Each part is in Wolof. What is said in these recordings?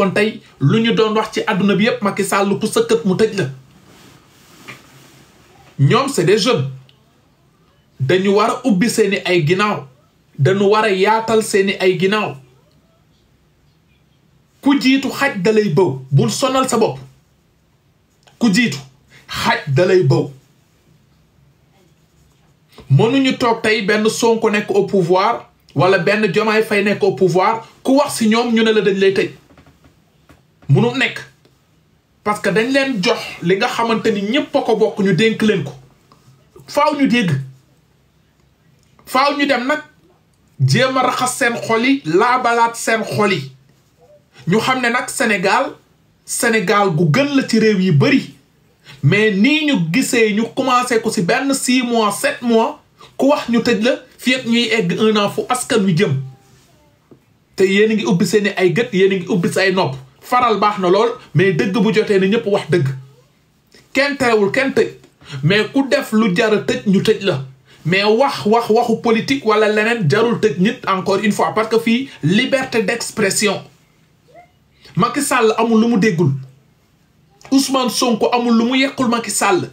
kon tey lu ñu doon wax ci àdduna bi yépp Macky Sall ku sëkkat mu tëj la ñoom c'est des jeunes dañu war a ubbi seeni ay ginnaaw dañu war a yaatal seeni ay ginnaaw ku jiitu xaj dalay bëw bul sonal sa bopp ku jiitu xaj dalay bëw mënuñu toog tey benn Sonko nekk au pouvoir wala benn jomaay fay nekk au pouvoir ku wax si ñoom ñu ne la dañ lay tëj munul nekk parce que dañ leen jox li nga xamante ni ñëpp a ko bokk ñu dénk leen ko faw ñu dégg faaw ñu dem nag jéem a raxas seen xol yi balaat seen xol yi ñu xam ne nag Sénégal Sénégal gu gën la ci réew yi bëri mais nii ñu gisee ñu commencé ko ci benn six mois sept mois ku wax ñu tëj la fii ak ñuy egg un fu askan wi jëm te yéen a ngi ubbi seen ay gët yéen a ngi ubbi ay nopp. faral baxna lol mais deug bu joté ni ñëpp wax deug kenn terewul kenn tëj mais ku def lu jar tëj ñu tëj la mais wax wax waxu politique wala lenen jarul tëj nit encore une fois parce que fi liberté d'expression Macky Sall amul lu mu déggul Ousmane Sonko amul lu mu yekul Macky Sall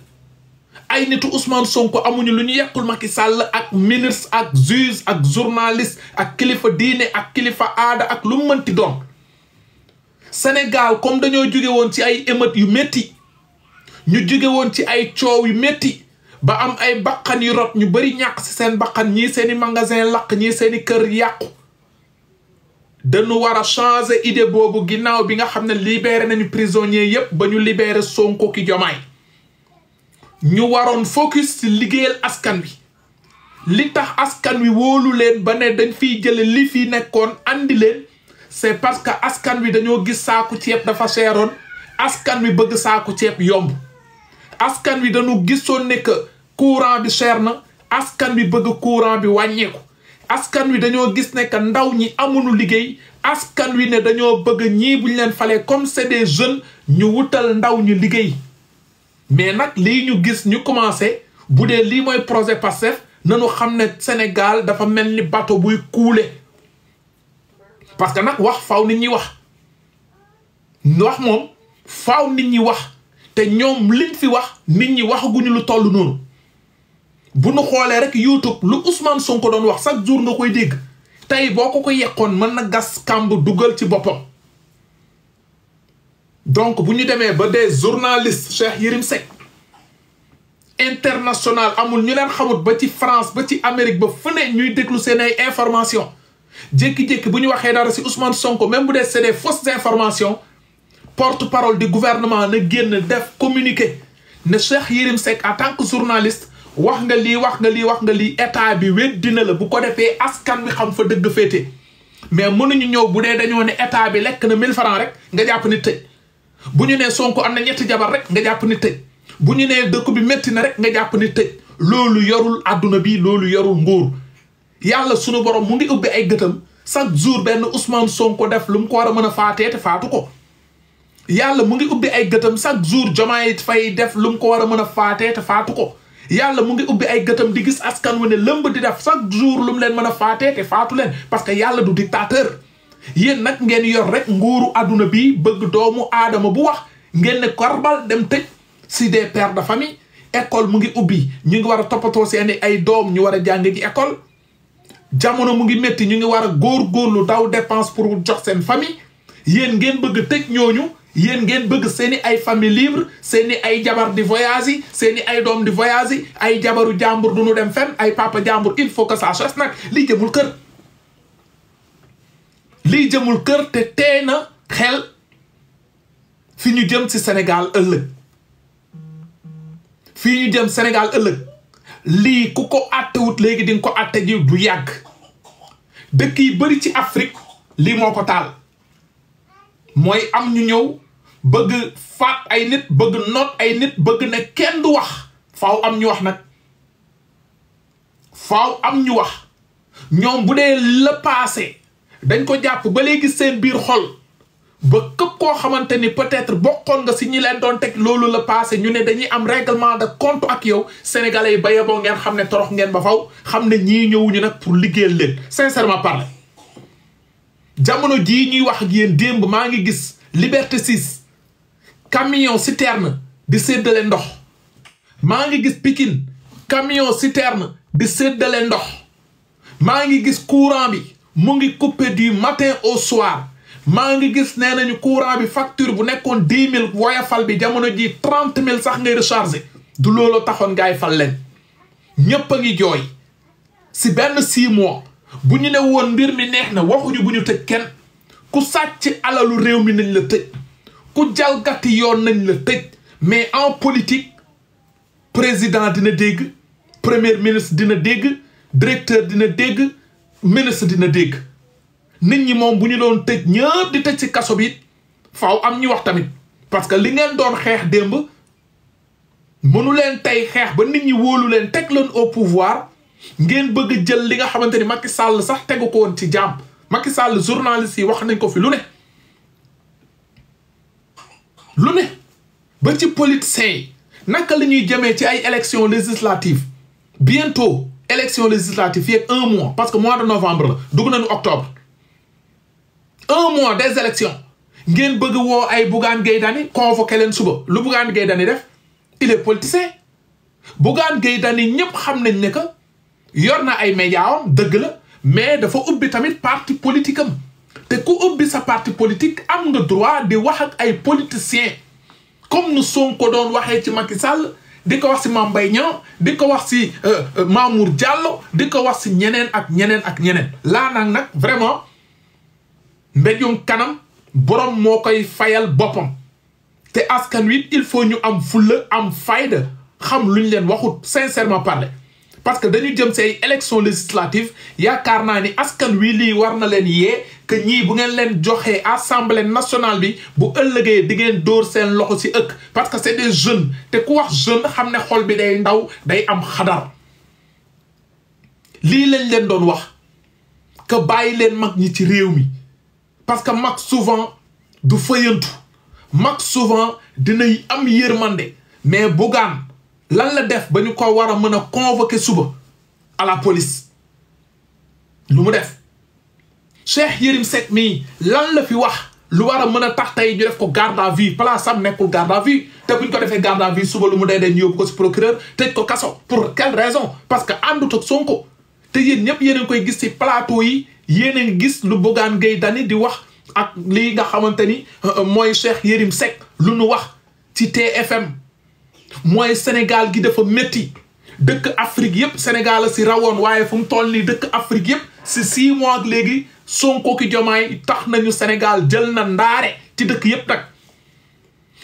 ay nitu Ousmane Sonko amuñu lu ñu yekul Macky Sall ak ministre ak juge ak journaliste ak kilifa diine ak kilifa aada ak lu mu mënti donc Sénégal comme dañoo jóge woon ci ay émeutes yu métti ñu jóge woon ci ay coow yu métti ba am ay bakkan yu rot ñu bëri ñàkk si seen bakkan ñii seeni magasin lakk ñii seeni kër yàqu dañu war a changer idée boobu ginnaaw bi nga xam ne libéré nañu prisonnier yépp ba ñu libéré Sonko ki Jomaay ñu waroon focus ci liggéeyal askan wi li tax askan wi woolu leen ba ne dañ fiy jële li fi nekkoon indi leen c'est parce que askan wi dañoo gis saaku ceeb dafa seeroon askan wi bëgg saaku ceeb yomb askan wi dañu gisoon ne que courant bi cher na askan wi bëgg courant bi wàññeeku askan wi dañoo gis ne que ndaw ñi amulu liggéey askan wi ne dañoo bëgg ñii buñ leen falee comme c'est des jeunes ñu wutal ndaw ñu liggéey mais nag lii ñu gis ñu commencé bu dee lii mooy projet Pastef nañu xam ne Sénégal dafa mel ni bateau buy couler parce que nag wax faw nit ñi wax wax moom faaw nit ñi wax te ñoom liñ fi wax nit ñi waxaguñu lu toll noonu bu nu xoolee rek YouTube lu Ousmane ko doon wax chaque jour nga koy dégg tey boo ko ko yekkoon mën na gas kàmb dugal ci boppam. donc bu ñu demee ba des journalistes Cheikh Yérim Seck international amul ñu leen xamut ba ci France ba ci Amérique ba fu ne ñuy déglu seen ay information jékki-jékki bu ñu waxee dara si Ousmane Sonko même bu dee c'est des fausses informations porte parole di gouvernement na génn def communiqué ne Cheikh Yérim Seck en tant que journaliste wax nga lii wax nga lii wax nga lii état bi weddi na la bu ko defee askan wi xam fa dëgg féete mais mënuñu ñëw bu dee dañoo ne état bi lekk na 1000 francs rek nga jàpp ni tëj bu ñu nee Sonko am na ñetti jabar rek nga jàpp ni tëj bu ñu nee dëkk bi métti na rek nga jàpp ni tëj loolu yorul adduna bi loolu yorul nguur yàlla sunu borom mu ngi ubbi ay gëtam chaque jour benn Ousmane Sonko def lu mu ko war a mën a faatee te faatu ko yàlla mu ngi ubbi ay gëtam chaque jour Diomaye Faye def lu mu ko war a mën a faatee te faatu ko yàlla mu ngi ubbi ay gëtam di gis askan wi ne lëmb di def chaque jour lu mu leen mën a faatee te faatu leen parce que yàlla du dictateur yéen nag ngeen yor rek nguuru adduna bi bëgg doomu aadama bu wax ngeen ne korbal dem tëj si des pères de famille école mu ngi ubbi ñu ngi war a toppatoo seeni ay doom ñu war a jàng ji école jamono mu ngi métti ñu ngi war a góor lu daw dépense pour jox seen famille yéen ngeen bëgg tëj ñooñu yéen ngeen bëgg seeni ay famille libre seeni ay jabar di voyage yi seen i ay doom di voyage ay jabaru jàmbur du ñu dem fenn ay papa jàmbur il faut que ça cesse nag lii jëmul kër lii jëmul kër te tee na xel fi ñu jëm si senegal ëllëg fii ñu jëm Sénégal ëllëg lii ku ko àttewut léegi di ko àtte ji du yàgg dëkk yi bëri ci Afrique lii moo ko taal mooy am ñu ñëw bëgg faat ay nit bëgg noot ay nit bëgg ne kenn du wax faaw am ñu wax na faaw am ñu wax ñoom bu dee la passé dañ ko jàpp ba léegi seen biir xol ba képp koo xamante ni peut-être bokkoon nga si ñi leen doon teg loolu la passé ñu ne dañuy am règlement de compte ak yow sénégalais yi baye boo ngeen xam ne torox ngeen ba faw xam ne ñii ñëwuñu nag pour liggéeyal leen sincèrement parlé jamono jii ñuy wax ak yéen démb maa ngi gis Liberté 6 camion citerne di séddale ndox maa ngi gis Pikine camion citerne di séddale ndox maa ngi gis courant bi mu ngi coupé du matin au soir maa ngi gis nee nañu courant bi facture bu nekkoon dix mille woyafal bi jamono ji trente mille sax ngay recharger du loolu taxoon ngaay fal leen ñépp a ngi jooy si benn six mois bu ñu ne woon mbir mi neex na waxuñu bu ñu tëj kenn ku sàcc alalu réew mi nañ la tëj ku jalgati yoon nañ la tëj mais en politique président dina dégg premier ministre dina dégg directeur dina dégg ministre dina dégg nit ñi moom bu ñu doon tëj ñëpp di tëj ci kaso bi it am ñu wax tamit parce que li ngeen doon xeex démb mënu leen tey xeex ba nit ñi wóolu leen teg leen au pouvoir ngeen bëgg jël li nga xamante ni Macky sàll sax tegu ko woon ci jàmm Macky Sall journaliste yi wax nañ ko fi lu ne lu ne ba ci politiciens yi naka la ñuy jëmee ci ay élections législatives bientôt élections législatives fii ak un mois parce que mois de novembre la dugg nañu octobre un mois des élections ngeen bëgg woo ay Bougane Gueye Dany convoqué leen suba lu Bougane Gueye Dany def il est politicien Bougane Gueye Dany ñëpp xam nañ ne que yor na ay médias dëgg la mais dafa ubbi tamit parti politique am te ku ubbi sa parti politique am nga droit di wax ak ay politiciens comme nu Sonko doon waxee ci Macky Sall di ko wax si Mame Mbaye Niang di ko wax si euh, euh, Mamour Diallo di ko wax si ñeneen ak ñeneen ak ñeneen laa nag nag vraiment mbéjum kanam borom moo koy fayal boppam te askan wi il faut ñu am fulla am fayda xam lu ñu leen waxut sincèrement parler parce que dañu jëm say élection législative yaakaar naa ni askan wi lii war na leen yee que ñii bu ngeen leen joxee assemblée nationale bi bu ëllëgee di ngeen dóor seen loxo ci ëkk parce que c'est des jeunes te ku wax jeune xam ne xol bi day ndaw day am xadar lii lañ leen doon wax que bàyyi leen mag ñi ci réew mi parce que max souvent du fayantu max souvent dinay am yermandé mais bogan lan la def bañ ko wara a convoquer suba à la police lu mu def Cheikh Yérim Seck mii lan la fi wax lu wara a mën a tax tey ñu def ko garde à vue place am nekkul garde à vue te buñ ko defee garde à vue suba lu mu dee dee ñu ko si procureur tej ko kasso pour quelle raison parce que andout ak Sonko te yéen ñep yéen ngoy gis ci plateau yi yéen a gis lu Bougane Gueye Dany di wax ak lii nga xamante ni euh, mooy Cheikh Yérim Seck lu ñu wax ci TFM mooy senegal gi dafa métti dëkk Afrique yëpp Sénégal la si rawoon waaye fu mu toll nii dëkk Afrique yëpp si six mois léegi Sonko ki Jomaay tax nañu senegal jël na ndaare ci dëkk yëpp nag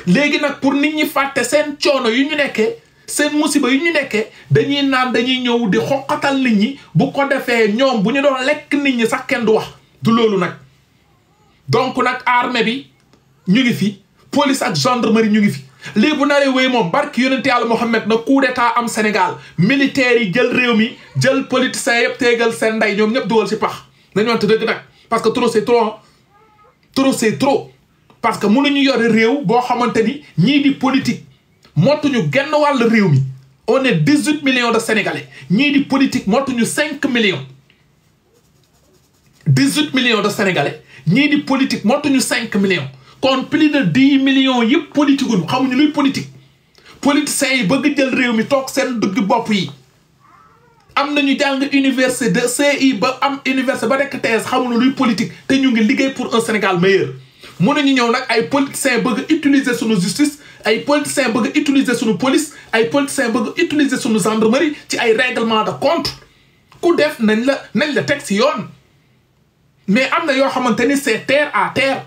léegi nag pour nit ñi fàtte seen coono yu ñu nekkee seen musiba yu ñu nekkee dañuy naan dañuy ñëw di xoqatal nit ñi bu ko defee ñoom bu ñu doon lekk nit ñi sax kenn du wax du loolu nag donc nag armée bi ñu ngi fi police ak gendarmerie ñu ngi fi lii bu naree wéy moom barki yonente yàlla Mohammed na coup d'état am Sénégal militaires yi jël réew mi jël politiciens yëpp teegal seen ndey ñoom ñëpp dugal ci pax nañu wante dëgg nag parce que trop c'est trop trop c'est trop parce que mënuñu yore réew boo xamante ni ñii di politique genn on est 18 millions de sénégalais ñii di politique 5 5 millions 18 millions de sénégalais politiques di politique mootuñu 5 millions kon plus de 10 millions yëpp politique wuñu xamuñu politiques politique politiciens yi bëgg jël Ils yi une université de CI de université ba de luy politique pour un Sénégal meilleur politiciens utiliser nos justice ay politiciens bëgg utiliser suñu police ay politiciens bëgg utiliser suñu gendarmerie ci ay réglement de compte ku def nañ la nañ la teg si yoon mais am na yoo xamante ni c'est terre à terre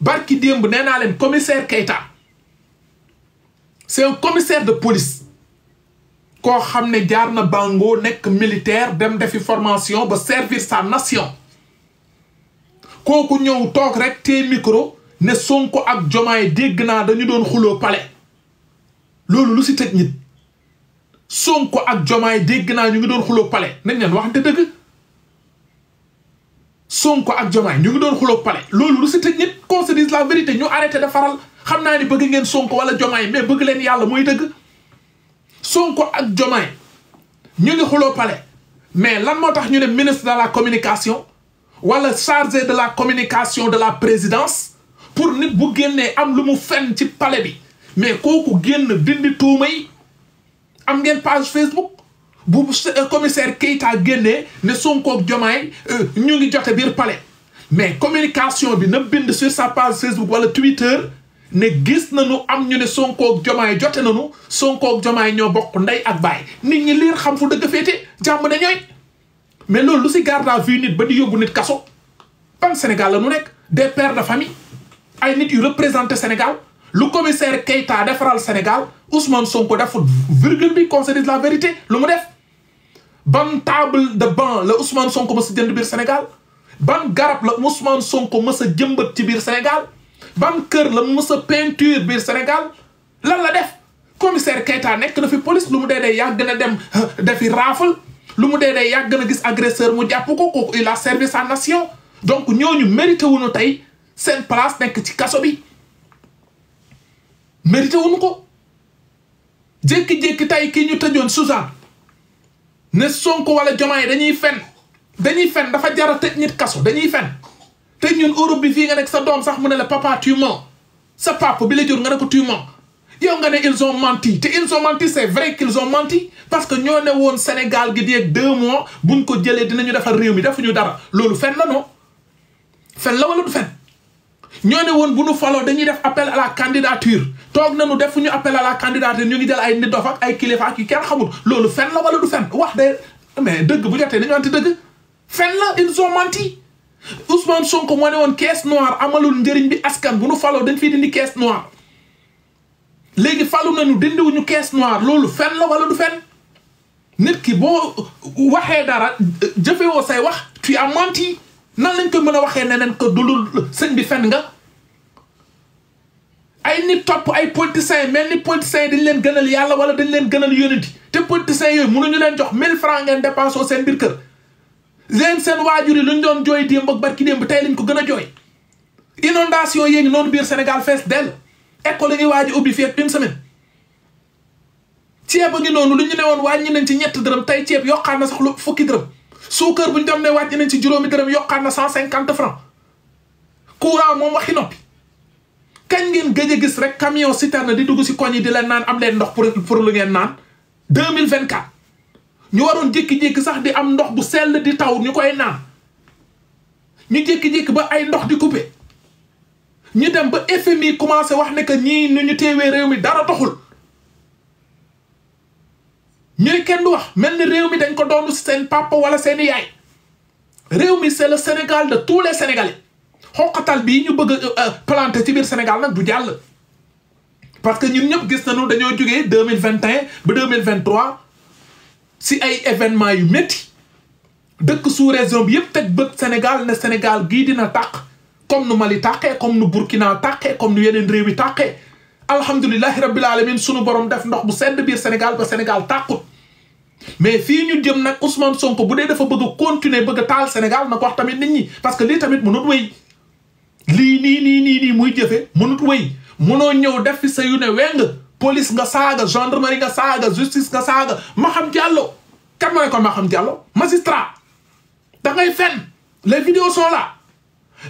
barki démb nee naa leen commissaire Keita c'est un commissaire de police koo xam ne jaar na Bango nekk militaire dem defi formation ba servir sa nation kooku ñëw toog rek te micro ne Sonko ak jomay dégg naa dañu doon xulo palais lolou lu ci tëj nit Sonko ak jomay dégg naa ñu ngi doon xulo palais nañ leen waxante deug Sonko ak jomay ñu ngi doon xulo palais lolou lu ci tëj nit qu'on se dise la vérité ñu arrêté de faral xamna ni bëgg ngeen Sonko wala jomay mais bëgg leen yalla moy deug Sonko ak jomay ñu ngi xulo palais mais lan motax ñu ne ministre de la communication wala chargé de la communication de la présidence pour nit bu génnee am lu mu fenn ci palais bi mais koku génn dindi toumay am ngeen page Facebook bu commissaire Keita génnee ne Sonko ak Jomaay euh, ñu ngi jote bir palais mais communication bi ne bind sur sa page Facebook wala Twitter ne gis nañu am ñu ne Sonko ak Jomaay jote nañu Sonko ak Jomaay ñoo bokk nday ak bay nit ñi lire xam fu deug fété jamm ne ñooy mais loolu lu si garde à vue nit ba di yóbbu nit kasso ban Sénégal la nu nek des pères de famille ay nit yu représenté Sénégal lu commissaire Keita defaral Sénégal Ousmane Sonko defut virgule bi qu'on se dise la vérité lu mu def ban table de banc la Ousmane Sonko mës a jënd biir Sénégal ban garab la Ousmane Sonko mës a jëmbat ci biir Sénégal ban kër la mës a peinture biir Sénégal lan la def commissaire Keita nekk na fi police lu mu dee dee yàgg na dem defi raafal lu mu dee dee yàgg na gis agresseur mu jàpp ko ko il a servi sa nation donc ñooñu mérité wuñu tey sen place nek ci kasso bi mérité wuñu ko jékki-jékki tay ki ñu tëjoon Suzanne ne Sonko wala jomay dañuy fenn dañuy fenn dafa jara a tëj nit kasso dañuy fenn te ñun Europe bi fi nga nek sa dom sax mu ne la papa tu mens sa papa bi la jur nga ne ko tu mens yow nga ne ils ont menti te ils ont menti c'est vrai qu'ils ont menti parce que ñoo ne woon Sénégal gi di ak 2 mois buñ ko jëlé dinañu defar réew mi ñu dara lolu fenn la non fenn la wala du fenn ñoo ne woon bu nu faloo dañuy def appel à la candidature toog na def ñu appel à la candidature ñu ngi jël ay nit dof ak ay kilifa ak yu kenn xamul loolu fen la wala du fen wax de mais dëgg bu jotee dañu anti dëgg fen la ils ont menti Ousmane Sonko moo ne woon caisse noire amalul njëriñ bi askan bu nu faloo dañ fiy dindi caisse noire léegi falu nañu dindiwuñu caisse noire loolu fen la wala du fen nit ki boo waxee dara woo say wax tu as menti nan lañ ko mën dulul sëñ bi nga ay nit ay politiciens politiciens dañ leen gënal yàlla wala dañ leen gënal te politiciens leen jox 1000 francs ngeen seen kër leen seen doon démb ak barki démb lañ ko inondation Sénégal école ngi ak une semaine ngi nañ ci dërëm na sax lu fukki dërëm suukar bu ñu dem ne wàññi nañ ci juróomi dërëm yokkaat na cent cinquante franc courant moom waxi noppi kañ ngeen gëj a gis rek camion citerne di dugg si koñ yi di leen naan am leen ndox pour pour lu ngeen naan deux mille vingt quatre ñu waroon jékki-jékki sax di am ndox bu sell di taw ñu koy naan ñu jékki-jékki ba ay ndox di coupé ñu dem ba FMI commencé wax ne que ñii nu ñu teewee réew mi dara doxul. ñu ne kenn du wax mel ni réew mi dañ ko doonu seen papa wala seen yaay réew mi c'est le Sénégal de tous les Sénégalais xoqatal bii ñu bëgg a euh, euh, planté ci biir Sénégal nag du jàll. parce que ñun ñëpp gis nañu dañoo jógee deux mille vingt et ba deux mille vingt si ay événement yu métti dëkk sous région bi yëpp teg bët Sénégal ne Sénégal gii dina tàq comme nu Mali tàqee comme nu Burkina tàqee comme nu yeneen réew yi tàqee. alhamdulilahi rabbil alamin sunu borom def ndox bu sedd biir Sénégal ba Sénégal tàqut mais fii ñu jëm nag Ousmane Sonko bu dee defa bëgg continuer bëgg a taal Sénégal na ko wax tamit nit ñi parce que lii tamit mënut wéy lii nii nii nii nii muy jëfe mënut wéy mënoo ñëw def fi sa yu ne weng police nga saaga gendarmerie nga saaga justice nga saaga xam Diallo kan ma ne ko xam Diallo magistrat da ngay fen les vidéos sont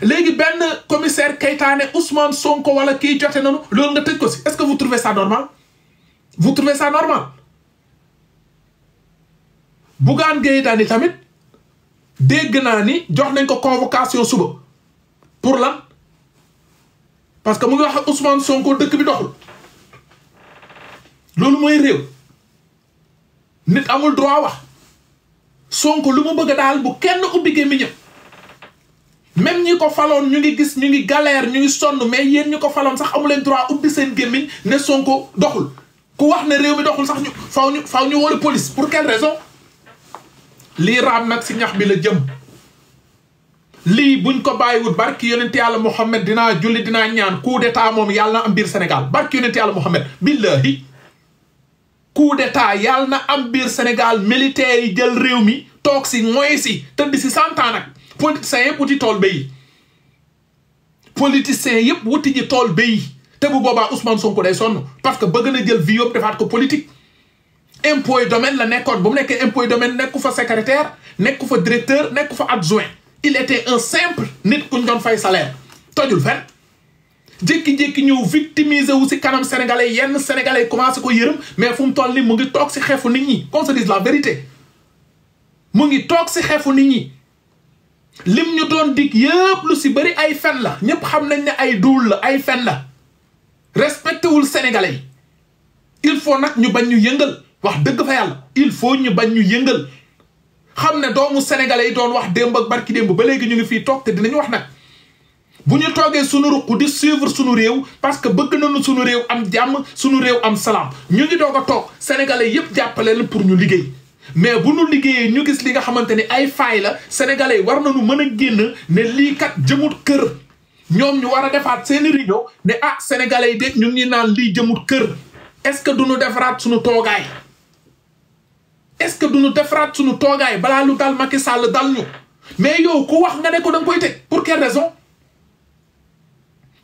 léegi benn commissaire Keita ne Ousmane Sonko wala kii jote nanu loolu nga tëj ko si est-ce que vous trouvez ça normal vous trouvez ça normal Bougane Gueye Dany tamit dégg naa ni jox nañ ko convocation suba pour lan parce que mu ngi wax ak Sonko dëkk bi doxul loolu mooy réew nit amul droit wax Sonko lu mu bëgg daal bu kenn ubbi gémmiñam même ñi ko faloon ñu ngi gis ñu ngi galère ñu ngi sonn mais yéen ñi ko faloon sax amu leen droit ubbi seen gémmiñ ne Sonko doxul ku wax ne réew mi doxul sax ñu faw ñu faw ñu wóolu police pour quelle raison lii raam nag si ñax bi la jëm lii buñ ko bàyyiwut barki yonent yàlla Mouhamed dina julli dinaa ñaan coup d'état moom yàlla na am biir Sénégal barki yonent yàlla Mouhamed billahi coup d'état yàlla na am biir Sénégal militaires yi jël réew mi toog si mooy si tëdd si santaan politiciens yëpp wuti tool béy politiciens yëpp wuti ji tol béy te bu boba Ousmane Sonko day son parce que bëgg na jël vie yëpp defaat ko politique. impôt et domaine la nekkoon bu mu nekkee impôt et domaine nekku fa secrétaire nekku fa directeur nekku fa adjoint il était un simple nit ku ñu doon fay salaire tojul fenn jékki-jékki ñëw victimiser wu si kanam sénégalais yenn sénégalais commencé ko yërëm mais fu mu toll ni mu ngi tok si xeefu nit ñi qu'on se dise la vérité mu ngi tok si xeefu nit ñi lim ñu doon dig yëpp lu si bëri ay fen la ñëpp xam nañ ne ay duul la ay fen la respecté wul il faut nag ñu bañ ñu yëngal wax dëgg fa yàlla il faut ñu bañ ñu yëngal xam ne doomu sénégalais yi doon wax démb ak barki démb ba léegi ñu ngi fii toog te dinañ wax nag bu ñu toogee suñu ruq di suivre suñu réew parce que bëgg nañu suñu réew am jàmm suñu réew am salaam ñu ngi doog a toog sénégalais yëpp jàppale leen pour ñu liggéey mais bu nu liggéeyee ñu gis li nga xamante ni ay faay la sénégalais war na nañu mën a génn ne lii kat jëmut kër ñoom ñu war a defaat seeni rido ne ah sénégalais yi de ñu ngi naan lii jëmut kër est-ce que duñu defaraat suñu toogaay est-ce que duñu defaraat suñu toogaay balaa lu dal Macky sàll dal ñu mais yow ku wax nga ne ko da koy teg pour quelle raison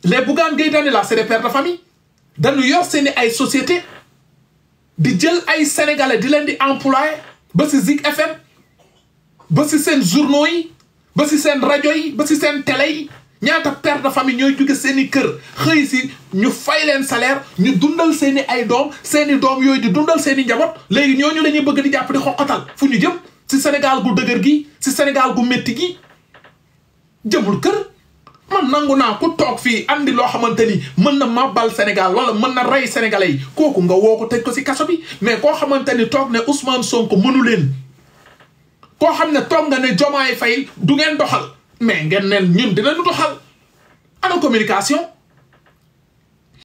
les Bougane Gueye Dany la c'est des de famille dañu yor seeni ay société di jël ay sénégalais di leen di employé ba si Zik FM ba si seen journaux yi ba si seen rajo yi ba si seen tele yi ñaata père de famille ñooy jóge seen i kër xëy si ñu fay leen salaire ñu dundal seen i ay doom seeni i doom yooyu ñu dundal seen i njaboot léegi ñooñu la ñuy bëgg di jàpp di xoqatal fu ñu jëm si Sénégal gu dëgër gi si Sénégal gu métti gi jëmul kër. man nangu naa ku toog fii andi loo xamante ni mën na màbbal Sénégal wala mën na rey sénégalais kooku nga woo ko tëj ko si kaso bi mais koo xamante ni toog ne Ousmane Sonko mënu leen koo xam ne toog nga ne Diomaye Faye du ngeen doxal mais ngeen neen ñun dinañu doxal ana communication